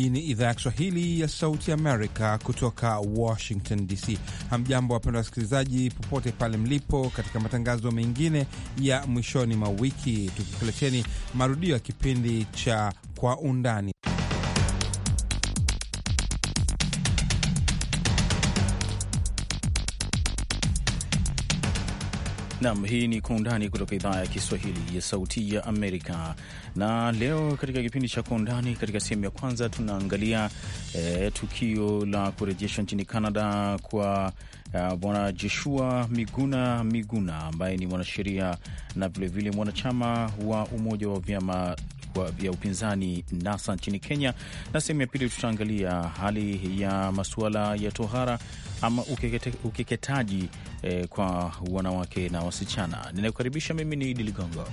Hii ni idhaa ya Kiswahili ya Sauti Amerika kutoka Washington DC. Hamjambo wapenda wasikilizaji, popote pale mlipo, katika matangazo mengine ya mwishoni mwa wiki, tukikuleteni marudio ya kipindi cha Kwa Undani. Nam, hii ni Kwa Undani kutoka idhaa ya Kiswahili ya Sauti ya Amerika. Na leo katika kipindi cha Kwa Undani, katika sehemu ya kwanza tunaangalia eh, tukio la kurejeshwa nchini Canada kwa eh, bwana Joshua Miguna Miguna ambaye ni mwanasheria na vilevile mwanachama wa umoja wa vyama vya upinzani NASA nchini Kenya, na sehemu ya pili tutaangalia hali ya masuala ya tohara ama ukeketaji eh, kwa wanawake na wasichana. Ninakukaribisha, mimi ni Idi Ligongo.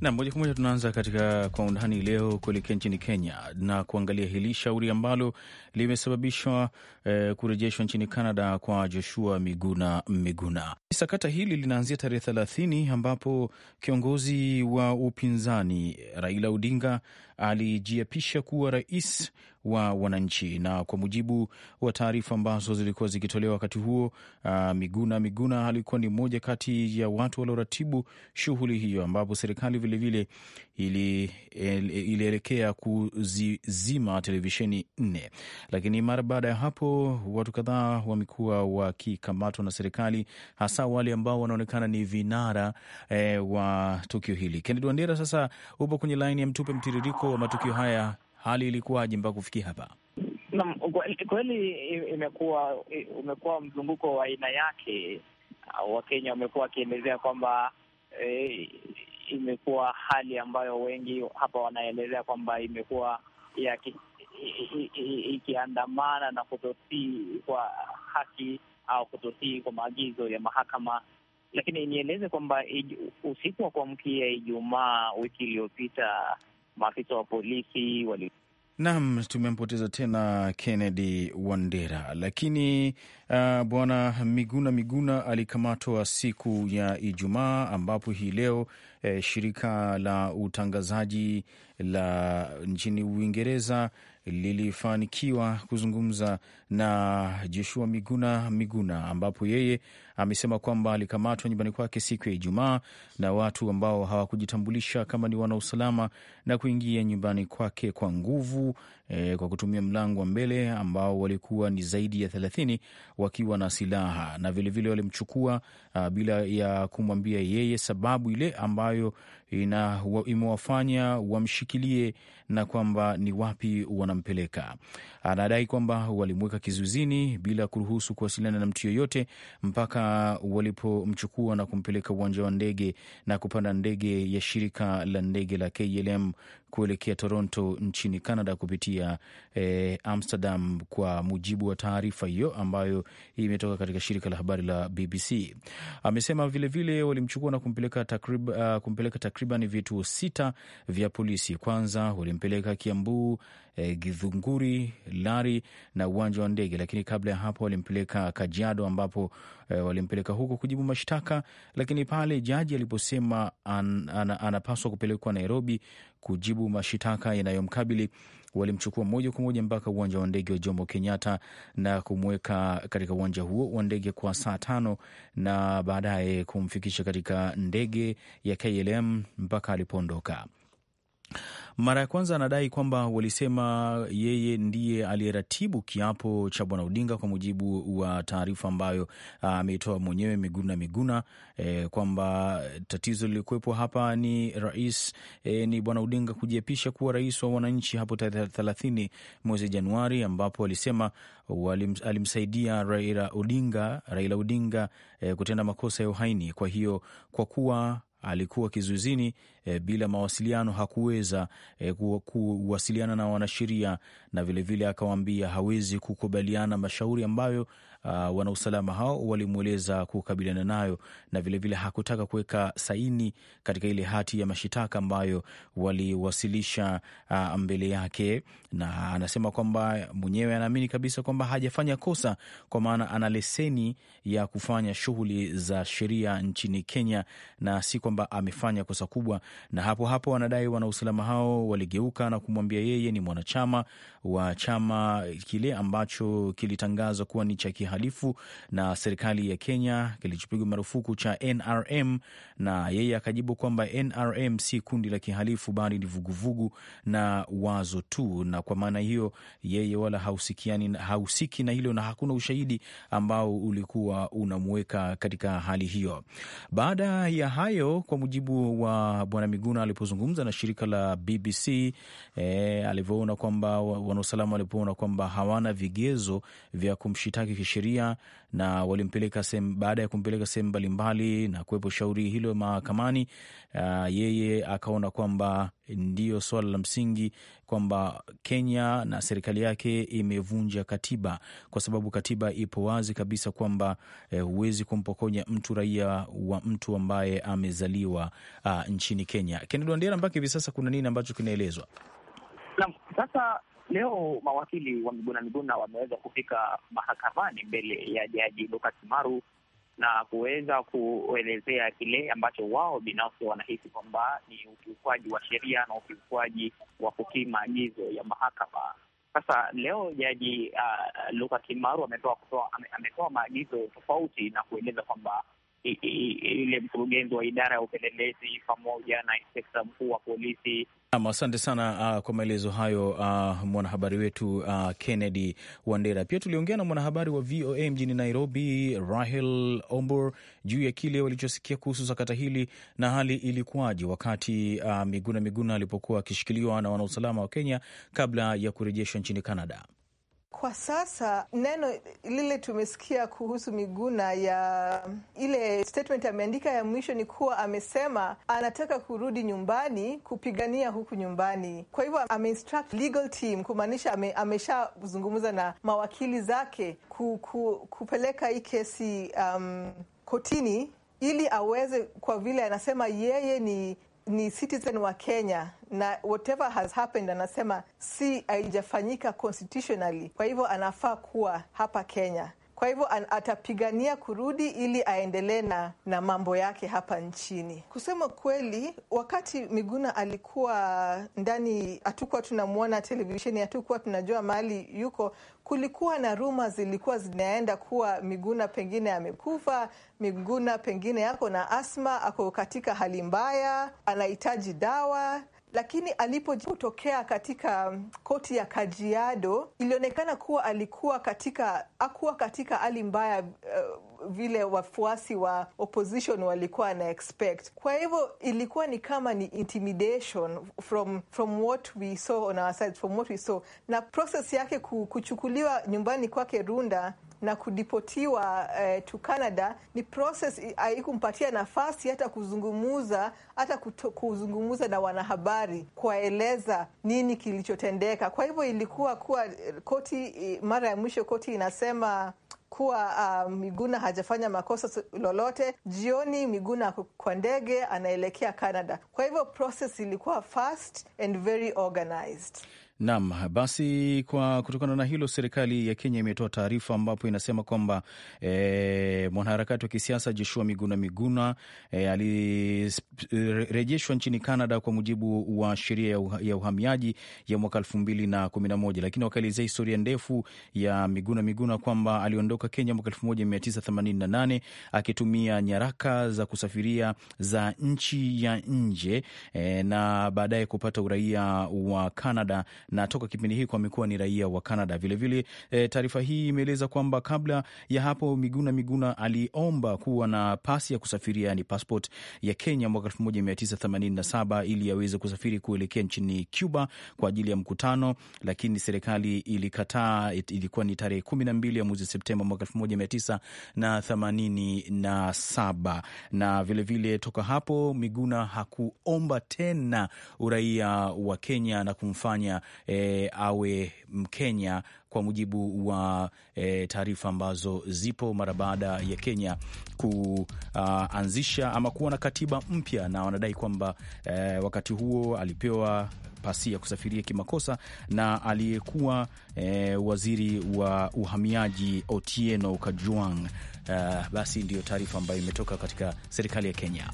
na moja kwa moja tunaanza katika kwa undani leo kuelekea nchini Kenya na kuangalia hili shauri ambalo limesababishwa eh, kurejeshwa nchini Canada kwa Joshua Miguna Miguna. Sakata hili linaanzia tarehe thelathini ambapo kiongozi wa upinzani Raila Odinga alijiapisha kuwa rais wa wananchi, na kwa mujibu wa taarifa ambazo zilikuwa zikitolewa wakati huo, uh, Miguna Miguna alikuwa ni mmoja kati ya watu walioratibu shughuli hiyo, ambapo serikali vilevile ilielekea kuzizima televisheni nne, lakini mara baada ya hapo watu kadhaa wamekuwa wakikamatwa na serikali, hasa wale ambao wanaonekana ni vinara eh, wa tukio hili. Kennedy Wandera sasa upo kwenye laini ya mtupe mtiririko msisimko wa matukio haya, hali ilikuwaje mpaka kufikia hapa? Naam, kweli imekuwa umekuwa mzunguko wa aina yake. Uh, Wakenya wamekuwa wakielezea kwamba e, imekuwa hali ambayo wengi hapa wanaelezea kwamba imekuwa ikiandamana na kutotii kwa haki au kutotii kwa maagizo ya mahakama. Lakini nieleze kwamba usiku wa kuamkia Ijumaa wiki iliyopita maafisa wa polisi wali Naam, tumempoteza tena Kennedy Wandera, lakini uh, bwana Miguna Miguna alikamatwa siku ya Ijumaa, ambapo hii leo eh, shirika la utangazaji la nchini Uingereza lilifanikiwa kuzungumza na Joshua Miguna Miguna, ambapo yeye amesema kwamba alikamatwa nyumbani kwake siku ya Ijumaa na watu ambao hawakujitambulisha kama ni wanausalama na kuingia nyumbani kwake kwa nguvu e, kwa kutumia mlango wa mbele ambao walikuwa ni zaidi ya thelathini wakiwa na silaha na vilevile walimchukua bila ya kumwambia yeye sababu ile ambayo ina imewafanya wamshikilie na kwamba ni wapi wanampeleka. Anadai kwamba walimweka kizuizini bila kuruhusu kuwasiliana na mtu yoyote mpaka walipomchukua na kumpeleka uwanja wa ndege na kupanda ndege ya shirika la ndege la KLM kuelekea Toronto nchini Canada kupitia eh, Amsterdam, kwa mujibu wa taarifa hiyo ambayo imetoka katika shirika la habari la BBC. Amesema vilevile walimchukua na kumpeleka takrib, uh, kumpeleka takriban vituo sita vya polisi. Kwanza walimpeleka Kiambu, eh, Githunguri, Lari na uwanja wa ndege, lakini kabla ya hapo walimpeleka Kajiado ambapo eh, walimpeleka huko kujibu mashtaka, lakini pale jaji aliposema an, an, anapaswa kupelekwa Nairobi kujibu kujibu mashitaka yanayomkabili walimchukua moja kwa moja mpaka uwanja wa ndege wa Jomo Kenyatta na kumweka katika uwanja huo wa ndege kwa saa tano na baadaye kumfikisha katika ndege ya KLM mpaka alipoondoka. Mara ya kwanza anadai kwamba walisema yeye ndiye aliyeratibu kiapo cha Bwana Odinga kwa mujibu wa taarifa ambayo ah, ameitoa mwenyewe Miguna Miguna e, kwamba tatizo lilikuwepo hapa ni rais e, ni Bwana Odinga kujiapisha kuwa rais wa wananchi hapo tarehe thelathini mwezi Januari, ambapo alisema walim, alimsaidia Raila Odinga, Raila Odinga e, kutenda makosa ya uhaini. Kwa hiyo kwa kuwa alikuwa kizuizini e, bila mawasiliano hakuweza e, kuwasiliana na wanasheria na vilevile akawaambia hawezi kukubaliana mashauri ambayo uh, wanausalama hao walimweleza kukabiliana nayo, na vilevile vile hakutaka kuweka saini katika ile hati ya mashitaka ambayo waliwasilisha uh, mbele yake, na anasema kwamba mwenyewe anaamini kabisa kwamba hajafanya kosa, kwa maana ana leseni ya kufanya shughuli za sheria nchini Kenya na si kwamba amefanya kosa kubwa. Na hapo hapo wanadai wanausalama hao waligeuka na kumwambia yeye ni mwanachama wa chama kile ambacho kilitangazwa kuwa ni cha kiha uhalifu na serikali ya Kenya kilichopigwa marufuku cha NRM, na yeye akajibu kwamba NRM si kundi la kihalifu bali ni vuguvugu na wazo tu, na kwa maana hiyo yeye wala hahusikiani, hahusiki na hilo na hakuna ushahidi ambao ulikuwa unamuweka katika hali hiyo. Baada ya hayo, kwa mujibu wa Bwana Miguna alipozungumza na shirika la BBC e, eh, alivyoona kwamba wanausalama walipoona kwamba hawana vigezo vya kumshitaki sheria na walimpeleka sehemu, baada ya kumpeleka sehemu mbalimbali na kuwepo shauri hilo mahakamani, uh, yeye akaona kwamba ndiyo swala la msingi kwamba Kenya na serikali yake imevunja katiba, kwa sababu katiba ipo wazi kabisa kwamba eh, huwezi eh, kumpokonya mtu raia wa mtu ambaye amezaliwa uh, nchini Kenya. Kennedy Wandera, mpaka hivi sasa kuna nini ambacho kinaelezwa? sasa Leo mawakili wa Miguna Miguna wameweza kufika mahakamani mbele ya jaji Luka Kimaru na kuweza kuelezea kile ambacho wao binafsi wanahisi kwamba ni ukiukwaji wa sheria na ukiukwaji wa kutii maagizo ya mahakama. Sasa leo jaji uh, Luka Kimaru ametoa ametoa maagizo tofauti na kueleza kwamba ile mkurugenzi wa idara ya upelelezi pamoja na inspekta mkuu wa polisi Asante sana uh, kwa maelezo hayo uh, mwanahabari wetu uh, Kennedy Wandera. Pia tuliongea na mwanahabari wa VOA mjini Nairobi, Rahel Ombor, juu ya kile walichosikia kuhusu sakata hili na hali ilikuwaje wakati uh, Miguna Miguna alipokuwa akishikiliwa na wanausalama wa Kenya kabla ya kurejeshwa nchini Canada. Kwa sasa neno lile tumesikia kuhusu Miguna ya ile statement ameandika ya mwisho ni kuwa amesema anataka kurudi nyumbani kupigania huku nyumbani. Kwa hivyo ameinstruct legal team kumaanisha ame, ameshazungumza na mawakili zake ku, ku, kupeleka hii kesi um, kotini ili aweze, kwa vile anasema yeye ni ni citizen wa Kenya na whatever has happened, anasema si haijafanyika constitutionally, kwa hivyo anafaa kuwa hapa Kenya. Kwa hivyo atapigania kurudi ili aendelee na, na mambo yake hapa nchini. Kusema kweli, wakati Miguna alikuwa ndani, hatukuwa tunamwona televisheni, hatukuwa tunajua mahali yuko. Kulikuwa na ruma zilikuwa zinaenda kuwa Miguna pengine amekufa, Miguna pengine yako na asma, ako katika hali mbaya, anahitaji dawa lakini alipotokea katika mm, koti ya Kajiado ilionekana kuwa alikuwa katika akuwa katika hali mbaya uh, vile wafuasi wa opposition walikuwa na expect. Kwa hivyo ilikuwa ni kama ni intimidation from from what we saw on our side, from what we saw, na proses yake kuchukuliwa nyumbani kwake Runda na kudipotiwa eh, to Canada ni process haikumpatia nafasi hata kuzungumuza hata kuto, kuzungumuza na wanahabari kuwaeleza nini kilichotendeka. Kwa hivyo ilikuwa kuwa eh, koti eh, mara ya mwisho koti inasema kuwa uh, Miguna hajafanya makosa lolote. Jioni Miguna kwa ndege anaelekea Canada. Kwa hivyo process ilikuwa fast and very organized. Naam, basi kwa kutokana na hilo, serikali ya Kenya imetoa taarifa ambapo inasema kwamba e, mwanaharakati wa kisiasa Joshua Miguna Miguna e, eh, alirejeshwa nchini Canada kwa mujibu wa sheria ya uhamiaji ya mwaka elfu mbili na kumi na moja, lakini wakaelezea historia ndefu ya Miguna Miguna kwamba aliondoka Kenya mwaka elfu moja mia tisa themanini na nane akitumia nyaraka za kusafiria za nchi ya nje e, na baadaye kupata uraia wa Canada na toka kipindi hiki amekuwa ni raia wa Canada. Vilevile e, eh, taarifa hii imeeleza kwamba kabla ya hapo Miguna Miguna aliomba kuwa na pasi ya kusafiria yani passport ya Kenya mwaka 1987 ili aweze kusafiri kuelekea nchini Cuba kwa ajili ya mkutano, lakini serikali ilikataa. Ilikuwa ni tarehe 12 ya mwezi Septemba mwaka 1987, na vilevile vile toka hapo Miguna hakuomba tena uraia wa Kenya na kumfanya e, awe Mkenya kwa mujibu wa e, taarifa ambazo zipo mara baada ya Kenya kuanzisha ama kuwa na katiba mpya, na wanadai kwamba e, wakati huo alipewa pasi ya kusafiria kimakosa na aliyekuwa e, waziri wa uhamiaji Otieno Kajwang'. Uh, e, basi ndiyo taarifa ambayo imetoka katika serikali ya Kenya.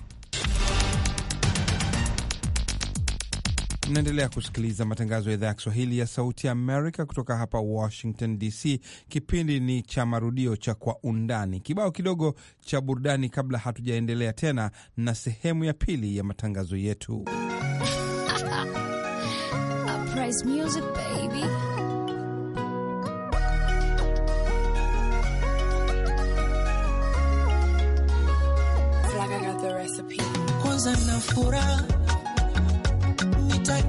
Tunaendelea kusikiliza matangazo ya idhaa ya Kiswahili ya Sauti Amerika kutoka hapa Washington DC. Kipindi ni cha marudio cha Kwa Undani. Kibao kidogo cha burudani kabla hatujaendelea tena na sehemu ya pili ya matangazo yetu. Kwanza na furaha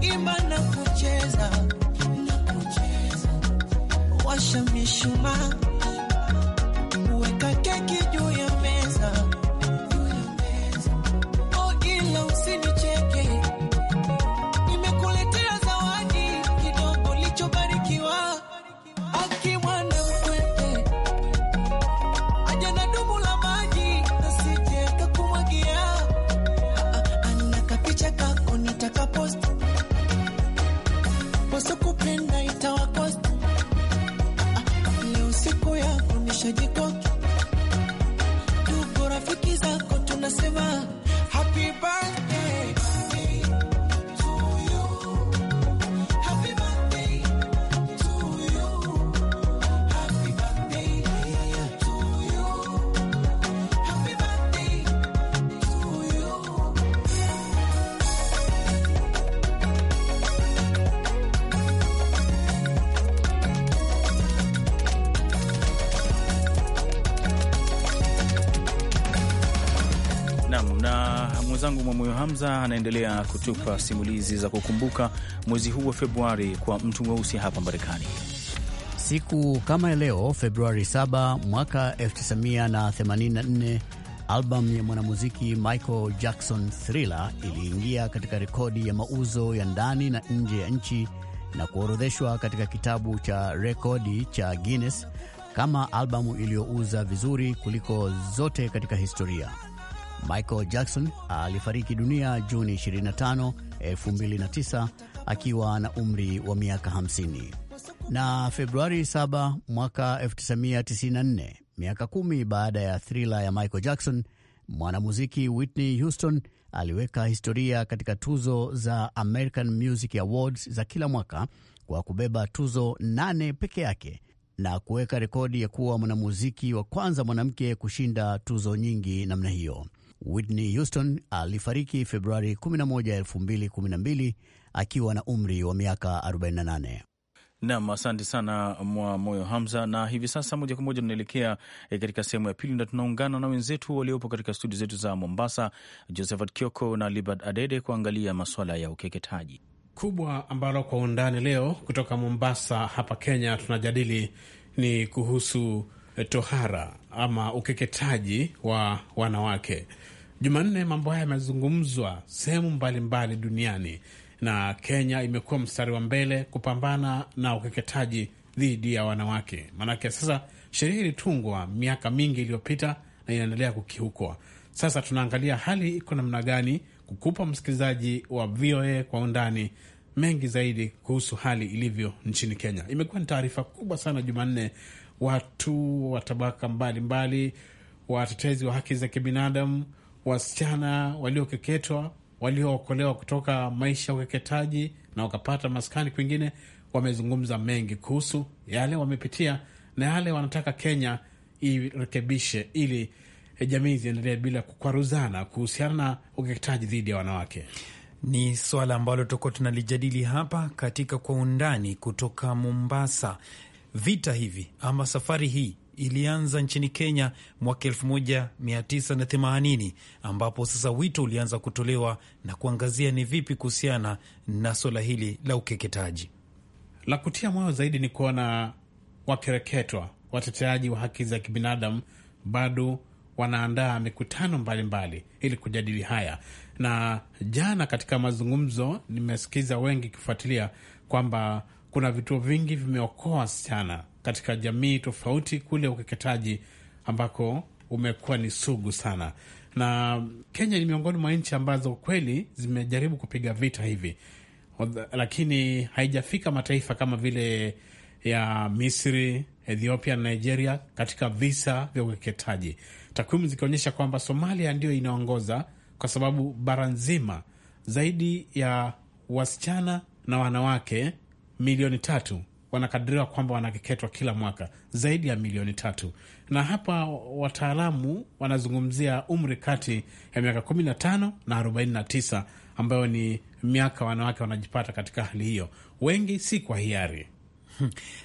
kuimba na kucheza, na kucheza, washa mishumaa wangu Mwamoyo Hamza anaendelea kutupa simulizi za kukumbuka mwezi huu wa Februari kwa mtu mweusi hapa Marekani. Siku kama ya leo Februari 7 mwaka 1984 albamu ya mwanamuziki Michael Jackson Thriller iliingia katika rekodi ya mauzo ya ndani na nje ya nchi na kuorodheshwa katika kitabu cha rekodi cha Guinness kama albamu iliyouza vizuri kuliko zote katika historia. Michael Jackson alifariki dunia Juni 25, 2009 akiwa na umri wa miaka 50. Na Februari 7 mwaka 1994, miaka kumi baada ya Thriller ya Michael Jackson, mwanamuziki Whitney Houston aliweka historia katika tuzo za American Music Awards za kila mwaka kwa kubeba tuzo nane peke yake na kuweka rekodi ya kuwa mwanamuziki wa kwanza mwanamke kushinda tuzo nyingi namna hiyo. Whitney Houston alifariki Februari 11, 2012 akiwa na umri wa miaka 48. Nam, asante sana mwa moyo Hamza. Na hivi sasa moja kwa moja tunaelekea e, katika sehemu ya pili, na tunaungana na wenzetu waliopo katika studio zetu za Mombasa, Josephat Kioko na Libert Adede kuangalia masuala ya ukeketaji kubwa ambalo kwa undani leo kutoka Mombasa hapa Kenya tunajadili ni kuhusu eh, tohara ama ukeketaji wa wanawake. Jumanne mambo haya yamezungumzwa sehemu mbalimbali duniani na Kenya imekuwa mstari wa mbele kupambana na ukeketaji dhidi ya wanawake. Maanake sasa sheria ilitungwa miaka mingi iliyopita na inaendelea kukiukwa. Sasa tunaangalia hali iko namna gani, kukupa msikilizaji wa VOA kwa undani mengi zaidi kuhusu hali ilivyo nchini Kenya. Imekuwa ni taarifa kubwa sana Jumanne. Watu wa tabaka mbalimbali, watetezi wa haki za kibinadamu wasichana waliokeketwa, waliookolewa kutoka maisha ya ukeketaji na wakapata maskani kwingine, wamezungumza mengi kuhusu yale wamepitia na yale wanataka Kenya irekebishe ili jamii ziendelee bila kukwaruzana kuhusiana na ukeketaji dhidi ya wanawake. Ni swala ambalo tuko tunalijadili hapa katika Kwa Undani kutoka Mombasa. Vita hivi ama safari hii ilianza nchini Kenya mwaka 1980 ambapo sasa wito ulianza kutolewa na kuangazia ni vipi kuhusiana na suala hili la ukeketaji. La kutia moyo zaidi ni kuona wakereketwa, wateteaji wa haki za kibinadamu bado wanaandaa mikutano mbalimbali ili kujadili haya. Na jana katika mazungumzo, nimesikiza wengi kifuatilia kwamba kuna vituo vingi vimeokoa wasichana katika jamii tofauti kule ukeketaji ambako umekuwa ni sugu sana, na Kenya ni miongoni mwa nchi ambazo kweli zimejaribu kupiga vita hivi, lakini haijafika mataifa kama vile ya Misri, Ethiopia na Nigeria katika visa vya ukeketaji, takwimu zikionyesha kwamba Somalia ndiyo inaongoza kwa sababu bara nzima zaidi ya wasichana na wanawake milioni tatu wanakadiriwa kwamba wanakeketwa kila mwaka zaidi ya milioni tatu, na hapa wataalamu wanazungumzia umri kati ya miaka 15 na 49 ambayo ni miaka wanawake wanajipata katika hali hiyo, wengi si kwa hiari.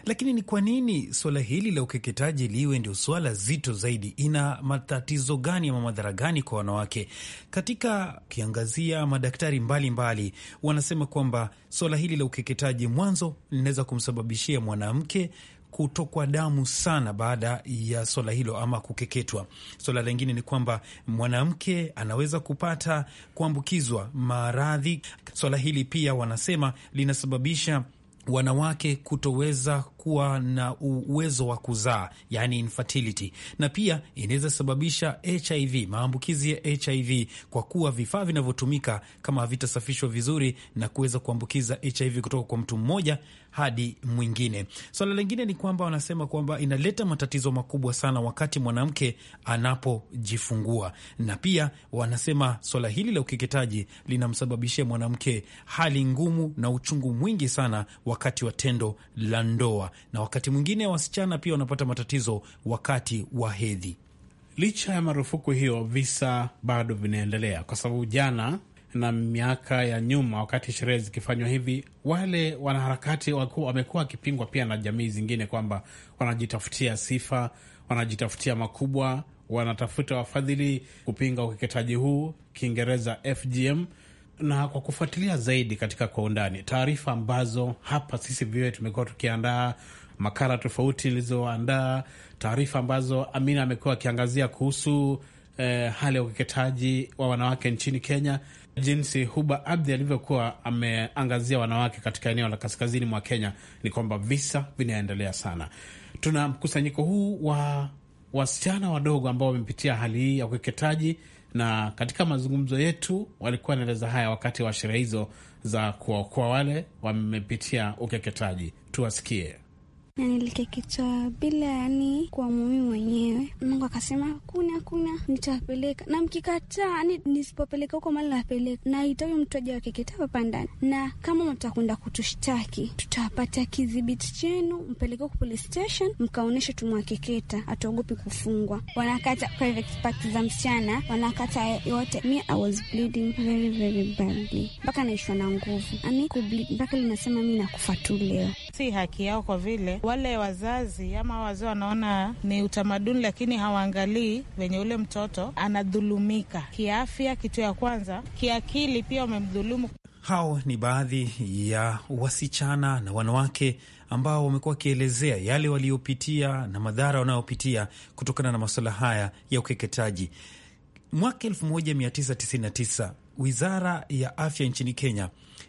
Lakini ni kwa nini suala hili la ukeketaji liwe ndio suala zito zaidi? Ina matatizo gani ama madhara gani kwa wanawake? Katika ukiangazia madaktari mbalimbali mbali, wanasema kwamba suala hili la ukeketaji mwanzo linaweza kumsababishia mwanamke kutokwa damu sana baada ya swala hilo ama kukeketwa. Swala lingine ni kwamba mwanamke anaweza kupata kuambukizwa maradhi. Swala hili pia wanasema linasababisha wanawake kutoweza kuwa na uwezo wa kuzaa, yani infertility, na pia inaweza sababisha HIV, maambukizi ya HIV, kwa kuwa vifaa vinavyotumika kama havitasafishwa vizuri na kuweza kuambukiza HIV kutoka kwa mtu mmoja hadi mwingine. Swala lingine ni kwamba wanasema kwamba inaleta matatizo makubwa sana wakati mwanamke anapojifungua, na pia wanasema swala hili la ukeketaji linamsababishia mwanamke hali ngumu na uchungu mwingi sana wakati wa tendo la ndoa na wakati mwingine wasichana pia wanapata matatizo wakati wa hedhi. Licha ya marufuku hiyo, visa bado vinaendelea, kwa sababu jana na miaka ya nyuma, wakati sherehe zikifanywa hivi, wale wanaharakati wamekuwa wakipingwa pia na jamii zingine kwamba wanajitafutia sifa, wanajitafutia makubwa, wanatafuta wafadhili kupinga ukeketaji huu, Kiingereza FGM na kwa kufuatilia zaidi katika kwa undani taarifa ambazo hapa sisi vyoe tumekuwa tukiandaa makala tofauti ilizoandaa taarifa ambazo Amina amekuwa akiangazia kuhusu eh, hali ya ukeketaji wa wanawake nchini Kenya, jinsi Huba Abdi alivyokuwa ameangazia wanawake katika eneo la kaskazini mwa Kenya, ni kwamba visa vinaendelea sana. Tuna mkusanyiko huu wa wasichana wadogo ambao wamepitia hali hii ya ukeketaji na katika mazungumzo yetu walikuwa wanaeleza haya wakati wa sherehe hizo za kuwaokoa wale wamepitia ukeketaji. Tuwasikie na nilikikitoa bila yani kwa mumi mwenyewe. Mungu akasema kuna kuna nitapeleka na mkikataa ni nisipopeleka huko mali napeleka na itawi mtu aja wakikita hapa ndani, na kama mtakwenda kutushtaki tutapata kidhibiti chenu, mpeleke huko police station, mkaonyeshe tumwakikita, hatuogopi kufungwa. Wanakata private part za msichana, wanakata yote. Mi I was bleeding very very badly, mpaka naishwa na nguvu ani kubleed mpaka linasema mi nakufa tu leo. Si haki yao kwa vile wale wazazi ama wazee wanaona ni utamaduni, lakini hawaangalii venye ule mtoto anadhulumika kiafya, kitu ya kwanza, kiakili pia wamemdhulumu Hao ni baadhi ya wasichana na wanawake ambao wamekuwa wakielezea yale waliyopitia na madhara wanayopitia kutokana na masuala haya ya ukeketaji. Mwaka 1999 wizara ya afya nchini Kenya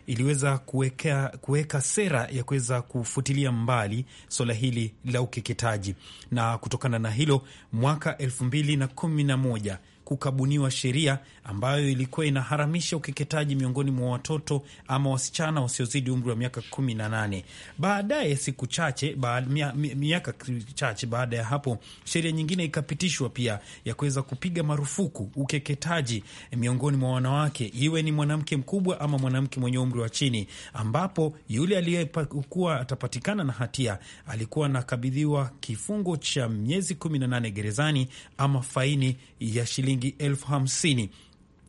iliweza kuweka, kuweka sera ya kuweza kufutilia mbali swala hili la ukeketaji, na kutokana na hilo mwaka elfu mbili na kumi na moja kukabuniwa sheria ambayo ilikuwa inaharamisha ukeketaji miongoni mwa watoto ama wasichana wasiozidi umri wa miaka kumi na nane. Baadaye siku chache ba, mia, miaka chache baada ya hapo sheria nyingine ikapitishwa pia ya kuweza kupiga marufuku ukeketaji miongoni mwa wanawake, iwe ni mwanamke mkubwa ama mwanamke mwenye umri wa chini, ambapo yule aliyekuwa atapatikana na hatia alikuwa anakabidhiwa kifungo cha miezi nane gerezani ama faini ya shilingi shilingi elfu hamsini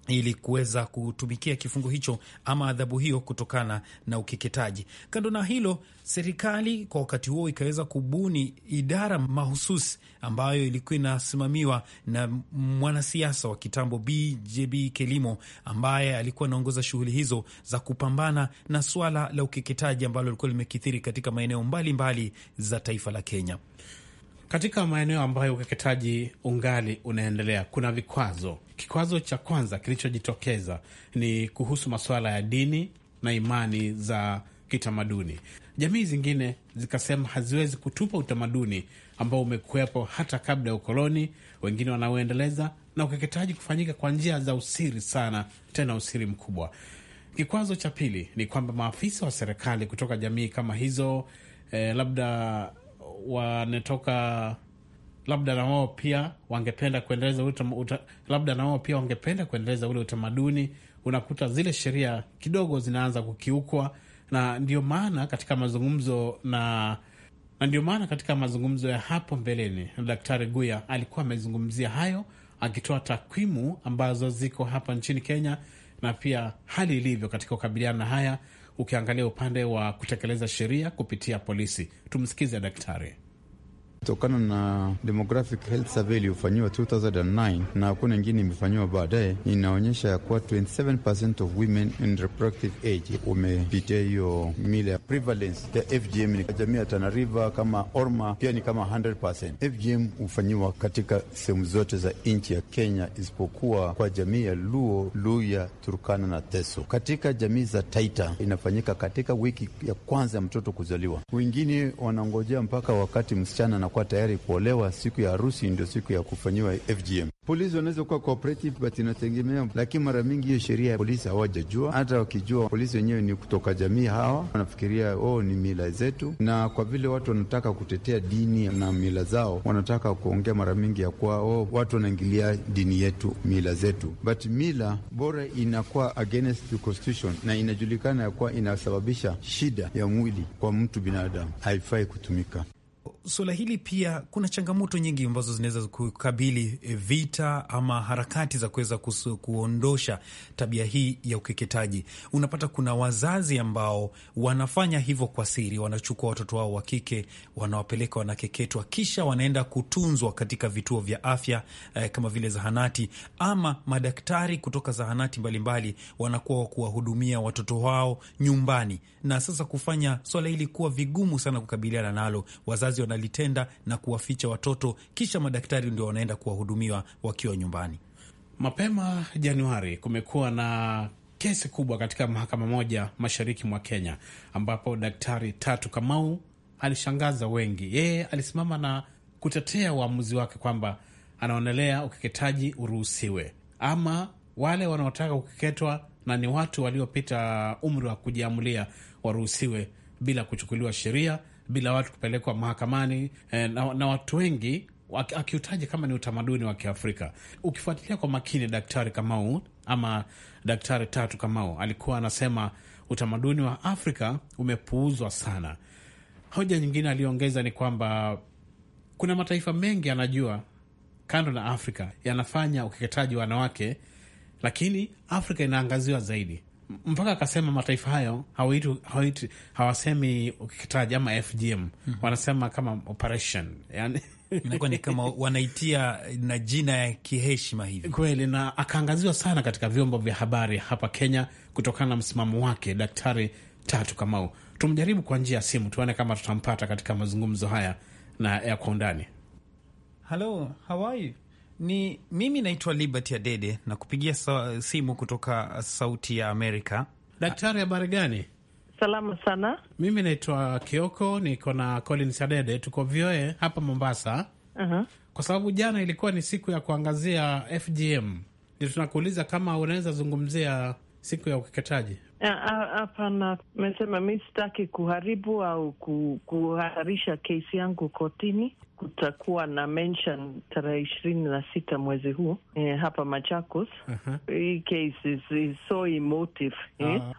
ili kuweza kutumikia kifungo hicho ama adhabu hiyo kutokana na ukeketaji. Kando na hilo, serikali kwa wakati huo ikaweza kubuni idara mahususi ambayo ilikuwa inasimamiwa na mwanasiasa wa kitambo BJB Kelimo ambaye alikuwa anaongoza shughuli hizo za kupambana na swala la ukeketaji ambalo lilikuwa limekithiri katika maeneo mbalimbali za taifa la Kenya. Katika maeneo ambayo ukeketaji ungali unaendelea, kuna vikwazo. Kikwazo cha kwanza kilichojitokeza ni kuhusu masuala ya dini na imani za kitamaduni. Jamii zingine zikasema haziwezi kutupa utamaduni ambao umekuwepo hata kabla ya ukoloni, wengine wanaoendeleza na ukeketaji kufanyika kwa njia za usiri sana, tena usiri mkubwa. Kikwazo cha pili ni kwamba maafisa wa serikali kutoka jamii kama hizo, eh, labda wanetoka labda na wao pia wangependa kuendeleza ule uta, labda na wao pia wangependa kuendeleza ule utamaduni. Unakuta zile sheria kidogo zinaanza kukiukwa, na ndio maana katika mazungumzo na na ndio maana katika mazungumzo ya hapo mbeleni Daktari Guya alikuwa amezungumzia hayo akitoa takwimu ambazo ziko hapa nchini Kenya na pia hali ilivyo katika kukabiliana na haya ukiangalia upande wa kutekeleza sheria kupitia polisi. Tumsikize daktari kutokana na demographic health survey iliyofanyiwa 2009 na hakuna ingine imefanyiwa baadaye, inaonyesha ya kuwa 27% of women in reproductive age wamepitia hiyo mila ya prevalence ya FGM. Jamii ya Tana River kama Orma pia ni kama 100%. FGM hufanyiwa katika sehemu zote za nchi ya Kenya isipokuwa kwa jamii ya Luo, Luya, Turkana na Teso. Katika jamii za Taita inafanyika katika wiki ya kwanza ya mtoto kuzaliwa, wengine wanangojea mpaka wakati msichana na anakuwa tayari kuolewa, siku ya harusi ndio siku ya kufanyiwa FGM. Polisi wanaweza kuwa cooperative but inategemea, lakini mara mingi hiyo sheria ya polisi hawajajua. Hata wakijua, polisi wenyewe ni kutoka jamii, hawa wanafikiria oh, ni mila zetu, na kwa vile watu wanataka kutetea dini na mila zao, wanataka kuongea mara mingi ya kuwa oh, watu wanaingilia dini yetu, mila zetu, but mila bora inakuwa against the constitution na inajulikana ya kuwa inasababisha shida ya mwili kwa mtu binadamu, haifai kutumika suala hili pia kuna changamoto nyingi ambazo zinaweza kukabili eh, vita ama harakati za kuweza kuondosha tabia hii ya ukeketaji. Unapata kuna wazazi ambao wanafanya hivyo kwa siri, wanachukua watoto wao wa kike, wanawapeleka, wanakeketwa, kisha wanaenda kutunzwa katika vituo vya afya eh, kama vile zahanati ama madaktari kutoka zahanati mbalimbali wanakuwa kuwahudumia watoto wao nyumbani, na sasa kufanya swala hili kuwa vigumu sana kukabiliana nalo wazazi wanalitenda na kuwaficha watoto, kisha madaktari ndio wanaenda kuwahudumiwa wakiwa nyumbani. Mapema Januari kumekuwa na kesi kubwa katika mahakama moja mashariki mwa Kenya, ambapo daktari Tatu Kamau alishangaza wengi. Yeye alisimama na kutetea uamuzi wake kwamba anaonelea ukeketaji uruhusiwe, ama wale wanaotaka kukeketwa na ni watu waliopita umri wa kujiamulia waruhusiwe bila kuchukuliwa sheria bila watu kupelekwa mahakamani eh, na, na watu wengi akiutaji kama ni utamaduni wa Kiafrika. Ukifuatilia kwa makini, Daktari Kamau ama Daktari Tatu Kamau alikuwa anasema utamaduni wa Afrika umepuuzwa sana. Hoja nyingine aliyoongeza ni kwamba kuna mataifa mengi anajua kando na Afrika yanafanya ukeketaji wa wanawake, lakini Afrika inaangaziwa zaidi mpaka akasema mataifa hayo hawaiti, hawasemi ukitaja ama FGM mm -hmm. wanasema kama operation yani inakuwa ni kama wanaitia na jina ya kiheshima hivi kweli, na akaangaziwa sana katika vyombo vya habari hapa Kenya kutokana na msimamo wake. Daktari Tatu Kamau, tumjaribu kwa njia ya simu tuone kama tutampata katika mazungumzo haya na ya kwa undani. Hello, how are you? ni mimi naitwa Liberty Adede na kupigia sa, simu kutoka Sauti ya Amerika. Daktari, habari gani? Salama sana. Mimi naitwa Kioko, niko na Collins Adede, tuko VOA hapa Mombasa. uh -huh. Kwa sababu jana ilikuwa ni siku ya kuangazia FGM, ndio tunakuuliza kama unaweza zungumzia siku ya ukeketaji. Hapana, mesema mi sitaki kuharibu au kuharisha kesi yangu kotini, kutakuwa na mention tarehe ishirini na sita mwezi huu eh, hapa Machakos. Uh-huh. Hii case is, is so emotive eh. Ah.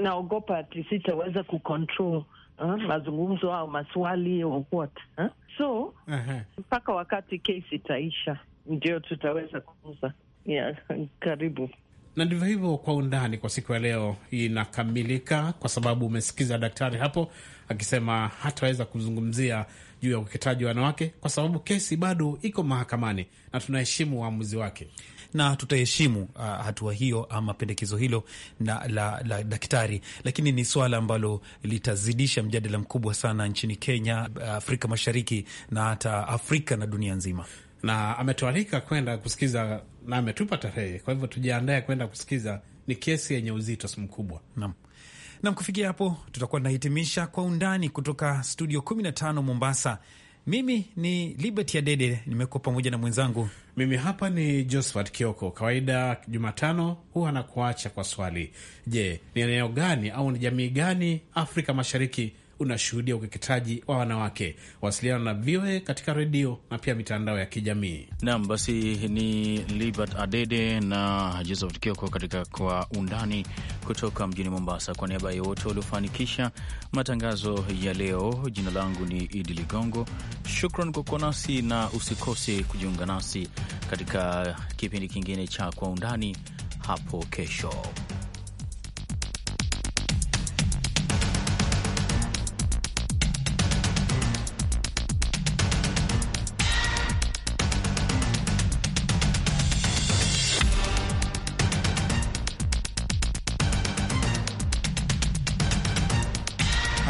Naogopa ati sitaweza kucontrol uh, mazungumzo au maswali or what uh. So uh-huh. mpaka wakati case itaisha ndio tutaweza kuuza yeah. Karibu na ndivyo hivyo. Kwa undani kwa siku ya leo inakamilika, kwa sababu umesikiza daktari hapo akisema hataweza kuzungumzia juu ya ukeketaji wa wanawake, kwa sababu kesi bado iko mahakamani na tunaheshimu uamuzi wake na tutaheshimu uh, hatua hiyo ama pendekezo hilo na, la, la daktari, lakini ni swala ambalo litazidisha mjadala mkubwa sana nchini Kenya, uh, Afrika Mashariki na hata Afrika na dunia nzima. Na ametualika kwenda kusikiza na ametupa tarehe, kwa hivyo tujiandae kwenda kusikiza. Ni kesi yenye uzito mkubwa, naam. Nam, kufikia hapo tutakuwa tunahitimisha kwa undani kutoka studio 15 Mombasa. Mimi ni Liberty Adede, nimekuwa pamoja na mwenzangu. Mimi hapa ni Josephat Kioko. Kawaida Jumatano huwa anakuacha kwa swali: je, ni eneo gani au ni jamii gani Afrika Mashariki unashuhudia ukeketaji wa wanawake. Wasiliana na VOA katika redio na pia mitandao ya kijamii. Naam, basi ni Libert Adede na Joseph Kioko katika Kwa Undani kutoka mjini Mombasa. Kwa niaba ya wote waliofanikisha matangazo ya leo, jina langu ni Idi Ligongo. Shukran kwa kuwa nasi na usikose kujiunga nasi katika kipindi kingine cha Kwa Undani hapo kesho.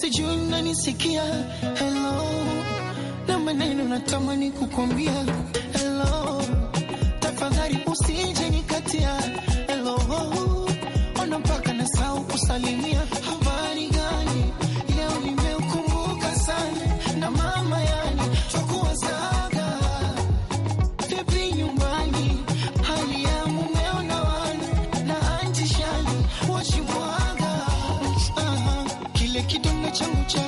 sijui unanisikia, hello, na maneno natamani kukwambia hello, tafadhali usije nikatia hello, ona mpaka nasahau kusalimia cuce